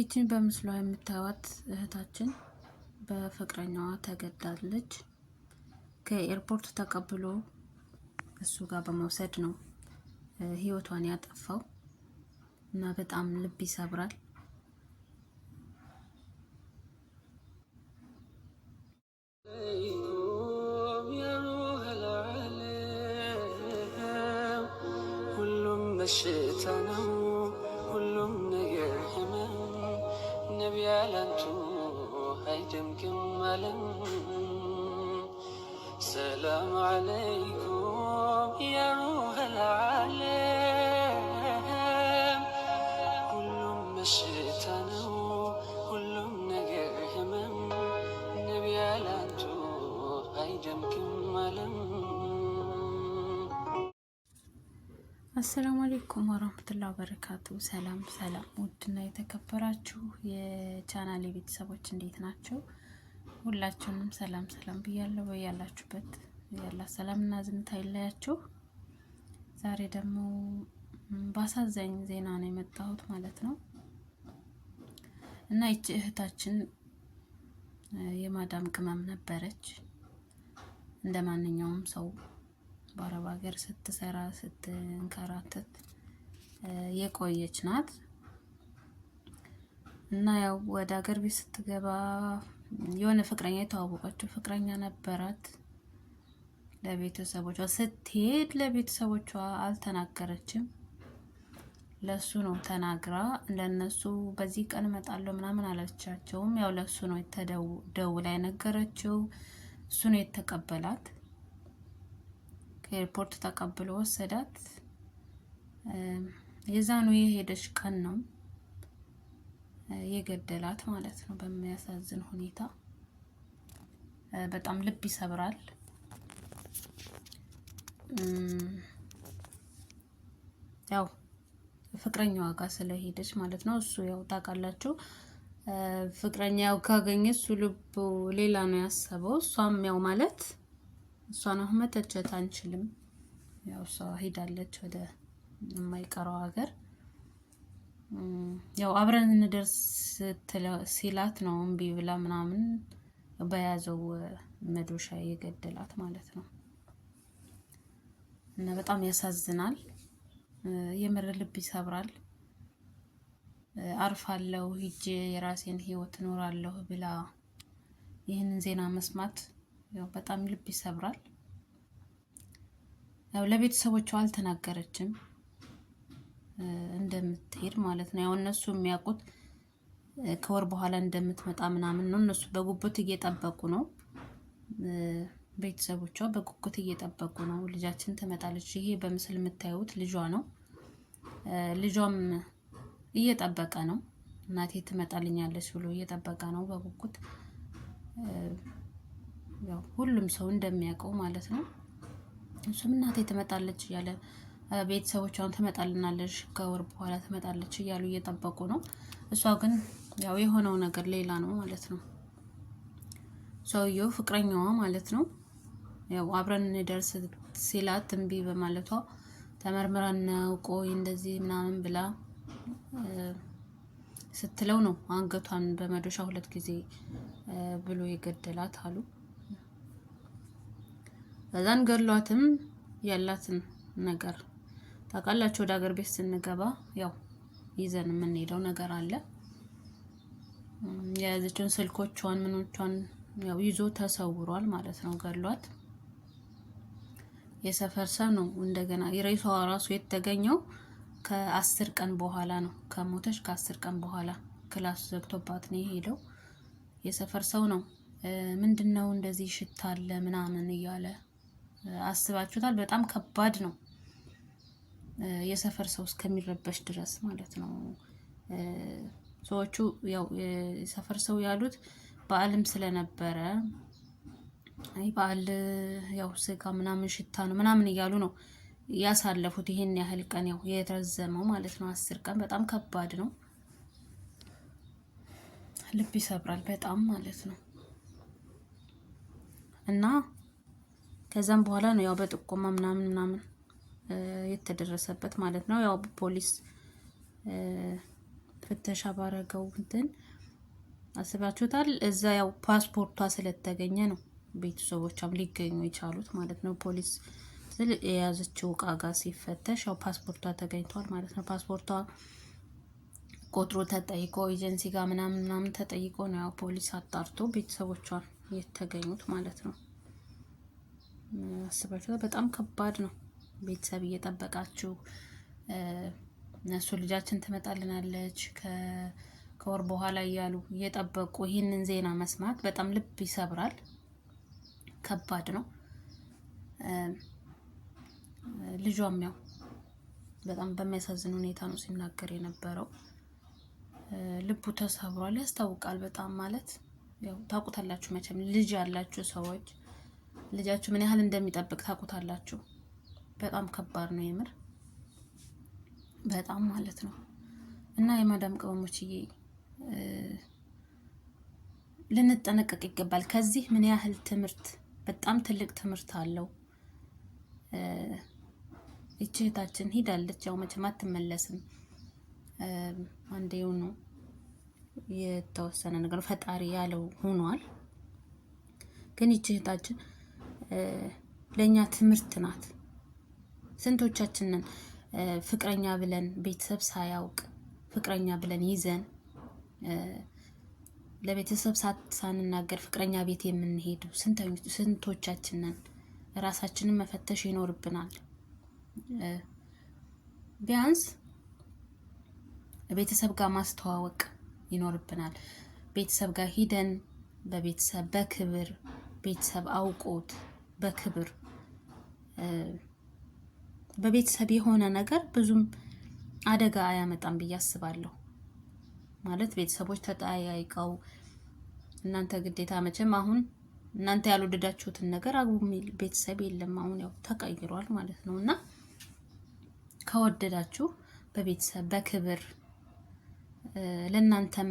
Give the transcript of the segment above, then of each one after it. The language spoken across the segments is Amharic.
ይችን በምስሏ የምታዩት እህታችን በፍቅረኛዋ ተገዳለች። ከኤርፖርት ተቀብሎ እሱ ጋር በመውሰድ ነው ህይወቷን ያጠፋው እና በጣም ልብ ይሰብራል። ሁሉም በሽታ ነው። ያላንቹ አይደምቅም ዓለም። ሰላም አለይኩም ያ ሩህል ሁሉም በሽታ ነው፣ ሁሉም ነገር ህመም። ነቢ ያላንቹ አይደምቅም ዓለም አሰላሙ አሌይኩም ወራህመቱላሂ ወበረካቱ። ሰላም ሰላም፣ ውድና የተከበራችሁ የቻናሌ ቤተሰቦች እንዴት ናቸው? ሁላችሁንም ሰላም ሰላም ብያለሁ። በያላችሁበት ያላ ሰላምና ዝምታ ይለያችሁ። ዛሬ ደግሞ በአሳዛኝ ዜና ነው የመጣሁት ማለት ነው እና ይቺ እህታችን የማዳም ቅመም ነበረች እንደ ማንኛውም ሰው በአረብ ሀገር ስትሰራ ስትንከራተት የቆየች ናት እና ያው ወደ ሀገር ቤት ስትገባ የሆነ ፍቅረኛ የተዋወቀችው ፍቅረኛ ነበራት። ለቤተሰቦቿ ስትሄድ ለቤተሰቦቿ አልተናገረችም። ለሱ ነው ተናግራ ለነሱ በዚህ ቀን እመጣለሁ ምናምን አላቻቸውም ያው ለሱ ነው ደውላ የነገረችው። እሱ ነው የተቀበላት። ከኤርፖርት ተቀብሎ ወሰዳት። የዛኑ የሄደች ቀን ነው የገደላት ማለት ነው። በሚያሳዝን ሁኔታ በጣም ልብ ይሰብራል። ያው ፍቅረኛዋ ጋር ስለሄደች ማለት ነው። እሱ ያው ታውቃላችሁ ፍቅረኛው ካገኘ እሱ ልቡ ሌላ ነው ያሰበው። እሷም ያው ማለት እሷን አሁን መተቸት አንችልም። ያው እሷ ሄዳለች ወደ የማይቀረው ሀገር። ያው አብረን እንደርስ ሲላት ነው እምቢ ብላ ምናምን በያዘው መዶሻ የገደላት ማለት ነው። እና በጣም ያሳዝናል። የምር ልብ ይሰብራል። አርፋለሁ ሂጄ የራሴን ህይወት እኖራለሁ ብላ ይህንን ዜና መስማት ያው በጣም ልብ ይሰብራል። ያው ለቤተሰቦቿ አልተናገረችም እንደምትሄድ ማለት ነው። ያው እነሱ የሚያውቁት ከወር በኋላ እንደምትመጣ ምናምን ነው። እነሱ በጉጉት እየጠበቁ ነው። ቤተሰቦቿ በጉጉት እየጠበቁ ነው። ልጃችን ትመጣለች። ይሄ በምስል የምታዩት ልጇ ነው። ልጇም እየጠበቀ ነው። እናቴ ትመጣልኛለች ብሎ እየጠበቀ ነው በጉጉት ያው ሁሉም ሰው እንደሚያውቀው ማለት ነው። እሱም እናቴ ትመጣለች እያለ ቤተሰቦቿን ትመጣልናለች፣ ከወር በኋላ ትመጣለች እያሉ እየጠበቁ ነው። እሷ ግን ያው የሆነው ነገር ሌላ ነው ማለት ነው። ሰውየው ፍቅረኛዋ ማለት ነው ያው አብረን እንደርስ ሲላት እምቢ በማለቷ ተመርምረን ቆይ እንደዚህ ምናምን ብላ ስትለው ነው አንገቷን በመዶሻ ሁለት ጊዜ ብሎ የገደላት አሉ። በዛን ገድሏትም ያላትን ነገር ታውቃላችሁ። ወደ አገር ቤት ስንገባ ያው ይዘን የምንሄደው ነገር አለ። የያዘችውን ስልኮቿን ምኖቿን ያው ይዞ ተሰውሯል ማለት ነው። ገድሏት የሰፈር ሰው ነው። እንደገና የሬሷ ራሱ የተገኘው ከአስር ቀን በኋላ ነው። ከሞተች ከአስር ቀን በኋላ ክላሱ ዘግቶባት ነው የሄደው። የሰፈር ሰው ነው ምንድን ነው እንደዚህ ሽታ አለ ምናምን እያለ አስባችሁታል? በጣም ከባድ ነው። የሰፈር ሰው እስከሚረበሽ ድረስ ማለት ነው። ሰዎቹ ያው የሰፈር ሰው ያሉት በዓልም ስለነበረ አይ በዓል ያው ስጋ ምናምን ሽታ ነው ምናምን እያሉ ነው ያሳለፉት። ይሄን ያህል ቀን ያው የተረዘመው ማለት ነው አስር ቀን በጣም ከባድ ነው። ልብ ይሰብራል በጣም ማለት ነው እና ከዛም በኋላ ነው ያው በጥቆማ ምናምን ምናምን የተደረሰበት ማለት ነው። ያው ፖሊስ ፍተሻ ባረገው እንትን አስባችሁታል። እዛ ያው ፓስፖርቷ ስለተገኘ ነው ቤተሰቦቿም ሊገኙ የቻሉት ማለት ነው። ፖሊስ ስል የያዘችው እቃ ሲፈተሽ ያው ፓስፖርቷ ተገኝቷል ማለት ነው። ፓስፖርቷ ቆጥሮ ተጠይቆ ኤጀንሲ ጋር ምናምን ምናምን ተጠይቆ ነው ያው ፖሊስ አጣርቶ ቤተሰቦቿን የተገኙት ማለት ነው። አስባችኋል። በጣም ከባድ ነው። ቤተሰብ እየጠበቃችሁ እነሱ ልጃችን ትመጣልናለች ከወር በኋላ እያሉ እየጠበቁ ይህንን ዜና መስማት በጣም ልብ ይሰብራል። ከባድ ነው። ልጇም ያው በጣም በሚያሳዝን ሁኔታ ነው ሲናገር የነበረው። ልቡ ተሰብሯል። ያስታውቃል በጣም ማለት ያው ታውቁታላችሁ መቼም ልጅ ያላችሁ ሰዎች ልጃችሁ ምን ያህል እንደሚጠብቅ ታውቁታላችሁ። በጣም ከባድ ነው የምር በጣም ማለት ነው። እና የማዳም ቅመሞችዬ ልንጠነቀቅ ይገባል። ከዚህ ምን ያህል ትምህርት በጣም ትልቅ ትምህርት አለው። ይቺ እህታችን ሂዳለች፣ ያው መቼም አትመለስም። አንዴው ነው የተወሰነ ነገር ፈጣሪ ያለው ሆኗል። ግን ይቺ እህታችን ለእኛ ትምህርት ናት። ስንቶቻችንን ፍቅረኛ ብለን ቤተሰብ ሳያውቅ ፍቅረኛ ብለን ይዘን ለቤተሰብ ሳንናገር ፍቅረኛ ቤት የምንሄዱ ስንቶቻችንን? ራሳችንን መፈተሽ ይኖርብናል። ቢያንስ ቤተሰብ ጋር ማስተዋወቅ ይኖርብናል። ቤተሰብ ጋር ሂደን በቤተሰብ በክብር ቤተሰብ አውቆት በክብር በቤተሰብ የሆነ ነገር ብዙም አደጋ አያመጣም ብዬ አስባለሁ። ማለት ቤተሰቦች ተጠያይቀው እናንተ ግዴታ መቼም አሁን እናንተ ያልወደዳችሁትን ነገር አግቡ የሚል ቤተሰብ የለም። አሁን ያው ተቀይሯል ማለት ነው እና ከወደዳችሁ በቤተሰብ በክብር ለእናንተም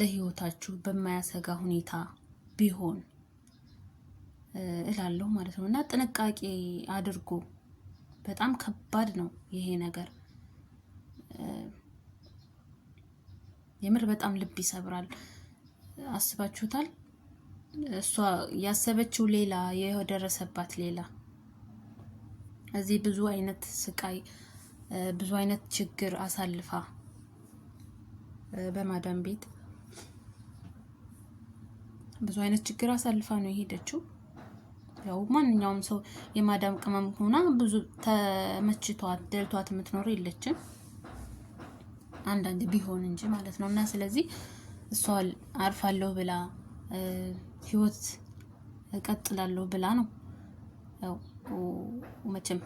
ለህይወታችሁ በማያሰጋ ሁኔታ ቢሆን እላለሁ ማለት ነው። እና ጥንቃቄ አድርጎ በጣም ከባድ ነው ይሄ ነገር። የምር በጣም ልብ ይሰብራል። አስባችሁታል? እሷ ያሰበችው ሌላ፣ የደረሰባት ሌላ። እዚህ ብዙ አይነት ስቃይ፣ ብዙ አይነት ችግር አሳልፋ በማዳም ቤት ብዙ አይነት ችግር አሳልፋ ነው የሄደችው። ያው ማንኛውም ሰው የማዳም ቅመም ሆና ብዙ ተመችቷት ደልቷት የምትኖር የለችም። አንዳንድ ቢሆን እንጂ ማለት ነው። እና ስለዚህ እሷ አርፋለሁ ብላ ህይወት እቀጥላለሁ ብላ ነው ያው መቼም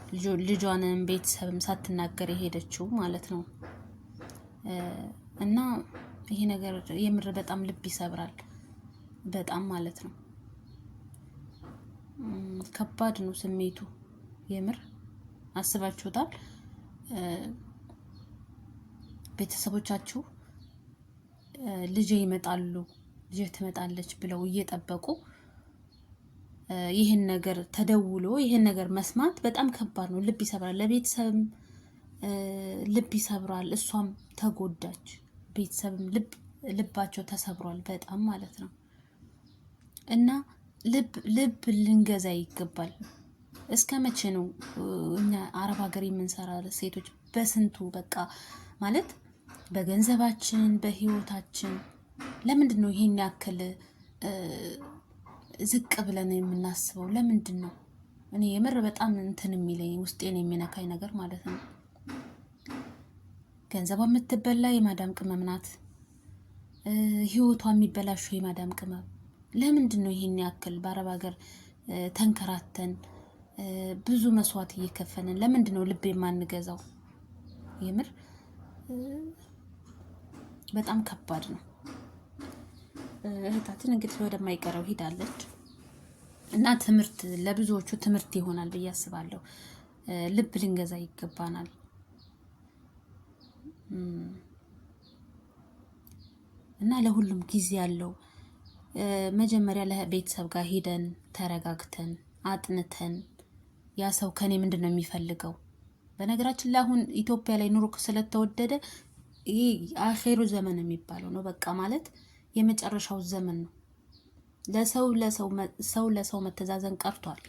ልጇንም ቤተሰብም ሳትናገር የሄደችው ማለት ነው። እና ይሄ ነገር የምር በጣም ልብ ይሰብራል፣ በጣም ማለት ነው። ከባድ ነው ስሜቱ። የምር አስባችሁታል? ቤተሰቦቻችሁ ልጄ ይመጣሉ ልጄ ትመጣለች ብለው እየጠበቁ ይህን ነገር ተደውሎ ይህን ነገር መስማት በጣም ከባድ ነው። ልብ ይሰብራል፣ ለቤተሰብም ልብ ይሰብራል። እሷም ተጎዳች፣ ቤተሰብም ልብ ልባቸው ተሰብሯል በጣም ማለት ነው እና ልብ ልብ ልንገዛ ይገባል። እስከ መቼ ነው እኛ አረብ ሀገር የምንሰራ ሴቶች በስንቱ በቃ ማለት በገንዘባችን በህይወታችን ለምንድን ነው ይሄን ያክል ዝቅ ብለን የምናስበው? ለምንድን ነው እኔ የምር በጣም እንትን የሚለኝ ውስጤን የሚነካኝ ነገር ማለት ነው። ገንዘቧ የምትበላ የማዳም ቅመም ናት። ህይወቷ የሚበላሹ የማዳም ቅመም ለምንድን ነው ይሄን ያክል በአረብ ሀገር ተንከራተን ብዙ መስዋዕት እየከፈንን ለምንድን ነው ልብ የማንገዛው? የምር በጣም ከባድ ነው። እህታችን እንግዲህ ወደማይቀረው ሂዳለች እና ትምህርት ለብዙዎቹ ትምህርት ይሆናል ብዬ አስባለሁ። ልብ ልንገዛ ይገባናል። እና ለሁሉም ጊዜ ያለው መጀመሪያ ለቤተሰብ ጋር ሂደን ተረጋግተን አጥንተን ያ ሰው ከኔ ምንድን ነው የሚፈልገው? በነገራችን ላይ አሁን ኢትዮጵያ ላይ ኑሮ ስለተወደደ ይህ አኼሩ ዘመን የሚባለው ነው። በቃ ማለት የመጨረሻው ዘመን ነው። ለሰው ለሰው ሰው ለሰው መተዛዘን ቀርቷል።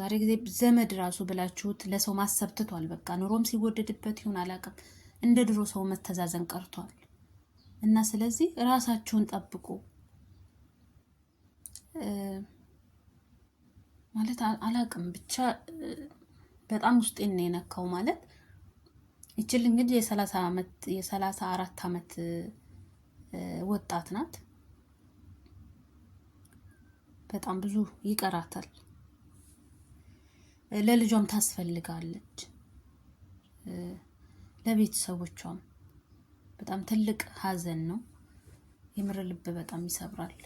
ዛሬ ጊዜ ዘመድ ራሱ ብላችሁት ለሰው ማሰብ ትቷል። በቃ ኑሮም ሲወደድበት ይሁን አላውቅም፣ እንደ ድሮ ሰው መተዛዘን ቀርቷል። እና ስለዚህ ራሳችሁን ጠብቁ ማለት አላቅም ብቻ በጣም ውስጤን ነው የነካው። ማለት ይችል እንግዲህ የሰላሳ አመት የሰላሳ አራት አመት ወጣት ናት። በጣም ብዙ ይቀራታል። ለልጇም ታስፈልጋለች፣ ለቤተሰቦቿም በጣም ትልቅ ሀዘን ነው። የምር ልብ በጣም ይሰብራል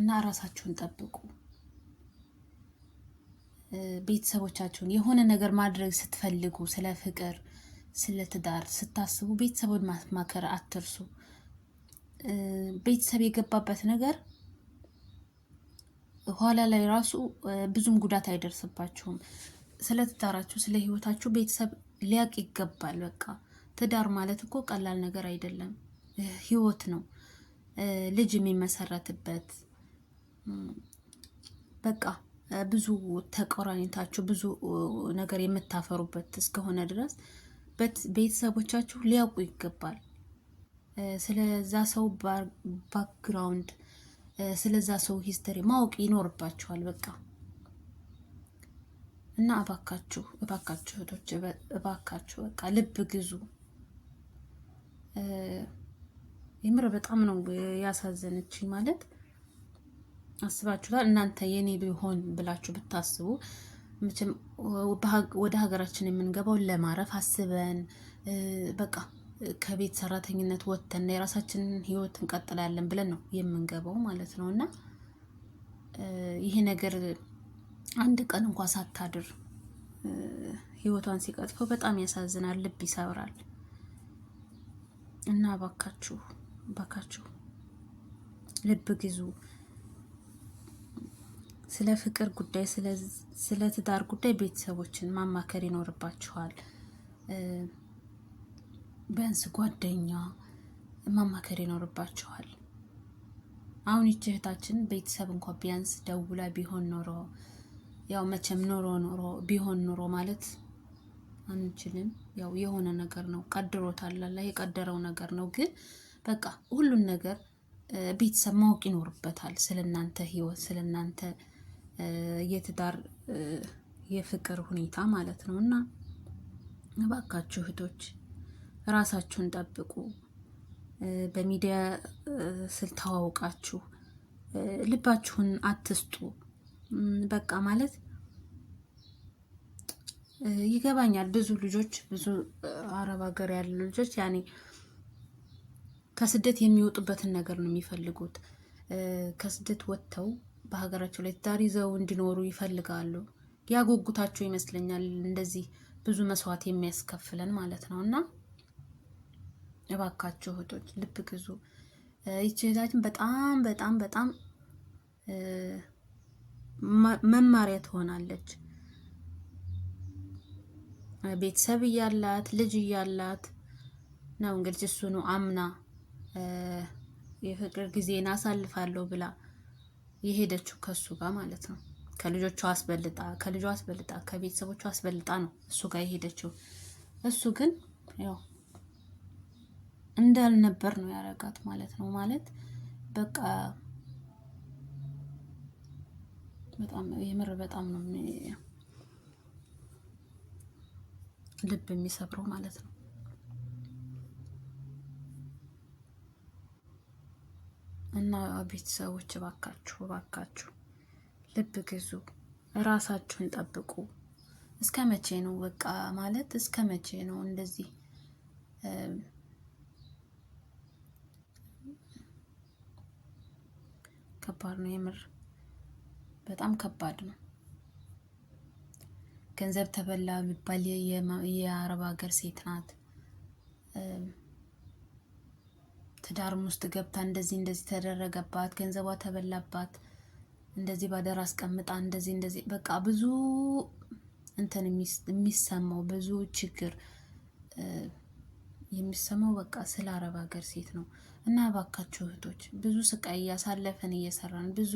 እና ራሳችሁን ጠብቁ። ቤተሰቦቻችሁን የሆነ ነገር ማድረግ ስትፈልጉ ስለ ፍቅር፣ ስለ ትዳር ስታስቡ ቤተሰቡን ማማከር አትርሱ። ቤተሰብ የገባበት ነገር ኋላ ላይ ራሱ ብዙም ጉዳት አይደርስባችሁም። ስለ ትዳራችሁ፣ ስለ ህይወታችሁ ቤተሰብ ሊያቅ ይገባል። በቃ ትዳር ማለት እኮ ቀላል ነገር አይደለም። ህይወት ነው፣ ልጅ የሚመሰረትበት በቃ ብዙ ተቆራኝታችሁ ብዙ ነገር የምታፈሩበት እስከሆነ ድረስ ቤተሰቦቻችሁ ሊያውቁ ይገባል። ስለዛ ሰው ባክግራውንድ፣ ስለዛ ሰው ሂስተሪ ማወቅ ይኖርባችኋል። በቃ እና እባካችሁ እባካችሁ እህቶች እባካችሁ በቃ ልብ ግዙ። የምር በጣም ነው ያሳዘነችኝ። ማለት አስባችሁታል እናንተ የኔ ቢሆን ብላችሁ ብታስቡ መቼም ወደ ሀገራችን የምንገባው ለማረፍ አስበን በቃ ከቤት ሰራተኝነት ወጥተን የራሳችንን ህይወት እንቀጥላለን ብለን ነው የምንገባው ማለት ነው። እና ይሄ ነገር አንድ ቀን እንኳ ሳታድር ህይወቷን ሲቀጥፈው በጣም ያሳዝናል፣ ልብ ይሰብራል። እና ባካችሁ ባካችሁ ልብ ግዙ። ስለ ፍቅር ጉዳይ፣ ስለ ትዳር ጉዳይ ቤተሰቦችን ማማከር ይኖርባችኋል። በእንስ ጓደኛ ማማከር ይኖርባችኋል። አሁን ይቺ እህታችን ቤተሰብ እንኳ ቢያንስ ደውላ ቢሆን ኖሮ ያው መቼም ኖሮ ኖሮ ቢሆን ኖሮ ማለት አንችልም። ያው የሆነ ነገር ነው ቀድሮታል፣ አላህ የቀደረው ነገር ነው። ግን በቃ ሁሉን ነገር ቤተሰብ ማወቅ ይኖርበታል። ስለናንተ ህይወት፣ ስለናንተ የትዳር የፍቅር ሁኔታ ማለት ነው እና እባካችሁ እህቶች ራሳችሁን ጠብቁ። በሚዲያ ስልታዋውቃችሁ ልባችሁን አትስጡ። በቃ ማለት ይገባኛል። ብዙ ልጆች ብዙ አረብ ሀገር ያሉ ልጆች ያኔ ከስደት የሚወጡበትን ነገር ነው የሚፈልጉት። ከስደት ወጥተው በሀገራቸው ላይ ትዳር ይዘው እንዲኖሩ ይፈልጋሉ። ያጎጉታቸው ይመስለኛል እንደዚህ ብዙ መስዋዕት የሚያስከፍለን ማለት ነው። እና እባካችሁ እህቶች ልብ ግዙ። ይችላችን በጣም በጣም በጣም መማሪያ ትሆናለች። ቤተሰብ እያላት ልጅ እያላት ነው እንግዲህ እሱኑ አምና የፍቅር ጊዜን አሳልፋለሁ ብላ የሄደችው ከሱ ጋር ማለት ነው። ከልጆቹ አስበልጣ ከልጇ አስበልጣ ከቤተሰቦቹ አስበልጣ ነው እሱ ጋር የሄደችው። እሱ ግን ያው እንዳልነበር ነው ያረጋት ማለት ነው። ማለት በቃ በጣም የምር በጣም ነው ልብ የሚሰብረው ማለት ነው። እና ቤተሰቦች እባካችሁ እባካችሁ ልብ ግዙ፣ ራሳችሁን ጠብቁ። እስከ መቼ ነው በቃ ማለት እስከ መቼ ነው እንደዚህ ከባድ ነው የምር በጣም ከባድ ነው። ገንዘብ ተበላ የሚባል የአረብ ሀገር ሴት ናት። ትዳርም ውስጥ ገብታ እንደዚህ እንደዚህ ተደረገባት፣ ገንዘቧ ተበላባት፣ እንደዚህ ባደር አስቀምጣ እንደዚህ እንደዚህ በቃ ብዙ እንትን የሚሰማው ብዙ ችግር የሚሰማው በቃ ስለ አረብ ሀገር ሴት ነው። እና እባካችሁ እህቶች ብዙ ስቃይ እያሳለፈን እየሰራን ብዙ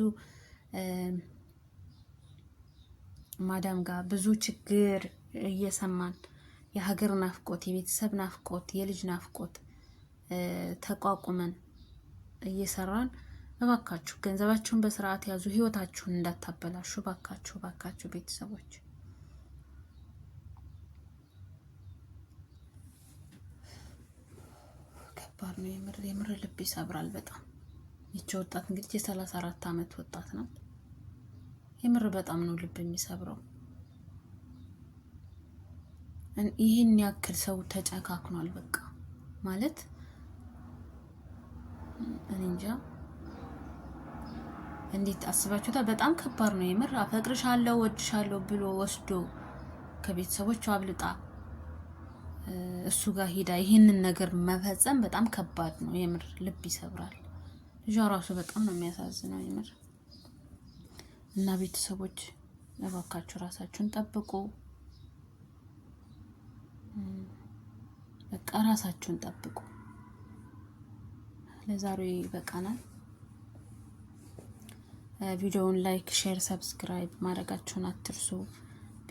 ማዳም ጋር ብዙ ችግር እየሰማን የሀገር ናፍቆት፣ የቤተሰብ ናፍቆት፣ የልጅ ናፍቆት ተቋቁመን እየሰራን እባካችሁ ገንዘባችሁን በስርዓት ያዙ። ህይወታችሁን እንዳታበላሹ እባካችሁ እባካችሁ ቤተሰቦች። ከባድ ነው የምር የምር ልብ ይሰብራል በጣም። ይቺ ወጣት እንግዲህ የሰላሳ አራት አመት ወጣት ናት። የምር በጣም ነው ልብ የሚሰብረው። ይህን ያክል ሰው ተጨካክኗል። በቃ ማለት እንጃ እንዴት አስባችሁታ? በጣም ከባድ ነው የምር። አፈቅርሻለሁ፣ ወድሻለሁ ብሎ ወስዶ ከቤተሰቦቹ አብልጣ እሱ ጋር ሄዳ ይህንን ነገር መፈጸም በጣም ከባድ ነው የምር። ልብ ይሰብራል። ልጇ ራሱ በጣም ነው የሚያሳዝነው የምር። እና ቤተሰቦች እባካችሁ ራሳችሁን ጠብቁ። በቃ ራሳችሁን ጠብቁ። ለዛሬ ይበቃናል። ቪዲዮውን ላይክ፣ ሼር፣ ሰብስክራይብ ማድረጋችሁን አትርሱ።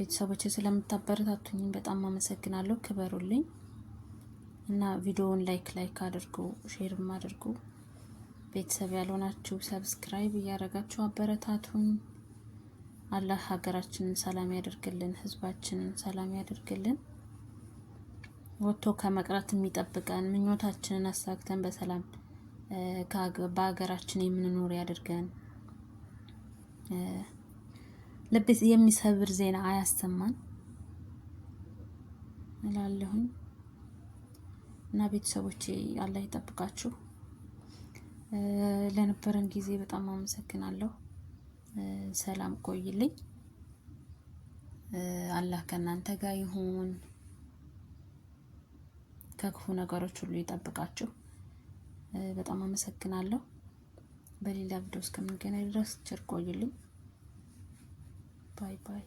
ቤተሰቦች ስለምታበረታቱኝ በጣም አመሰግናለሁ። ክበሩልኝ እና ቪዲዮውን ላይክ ላይክ አድርጉ፣ ሼርም አድርጉ። ቤተሰብ ያልሆናችሁ ሰብስክራይብ እያደረጋችሁ አበረታቱኝ። አላህ ሀገራችንን ሰላም ያደርግልን፣ ህዝባችንን ሰላም ያደርግልን። ወጥቶ ከመቅረት የሚጠብቀን ምኞታችንን አሳክተን በሰላም በሀገራችን የምንኖር ያደርገን። ልብ የሚሰብር ዜና አያሰማን እላለሁኝ እና ቤተሰቦች አላህ ይጠብቃችሁ። ለነበረን ጊዜ በጣም አመሰግናለሁ። ሰላም ቆይልኝ። አላህ ከእናንተ ጋር ይሁን፣ ከክፉ ነገሮች ሁሉ ይጠብቃችሁ። በጣም አመሰግናለሁ። በሌላ ቪዲዮ እስከምንገናኝ ድረስ ቸር ቆይልኝ። ባይ ባይ።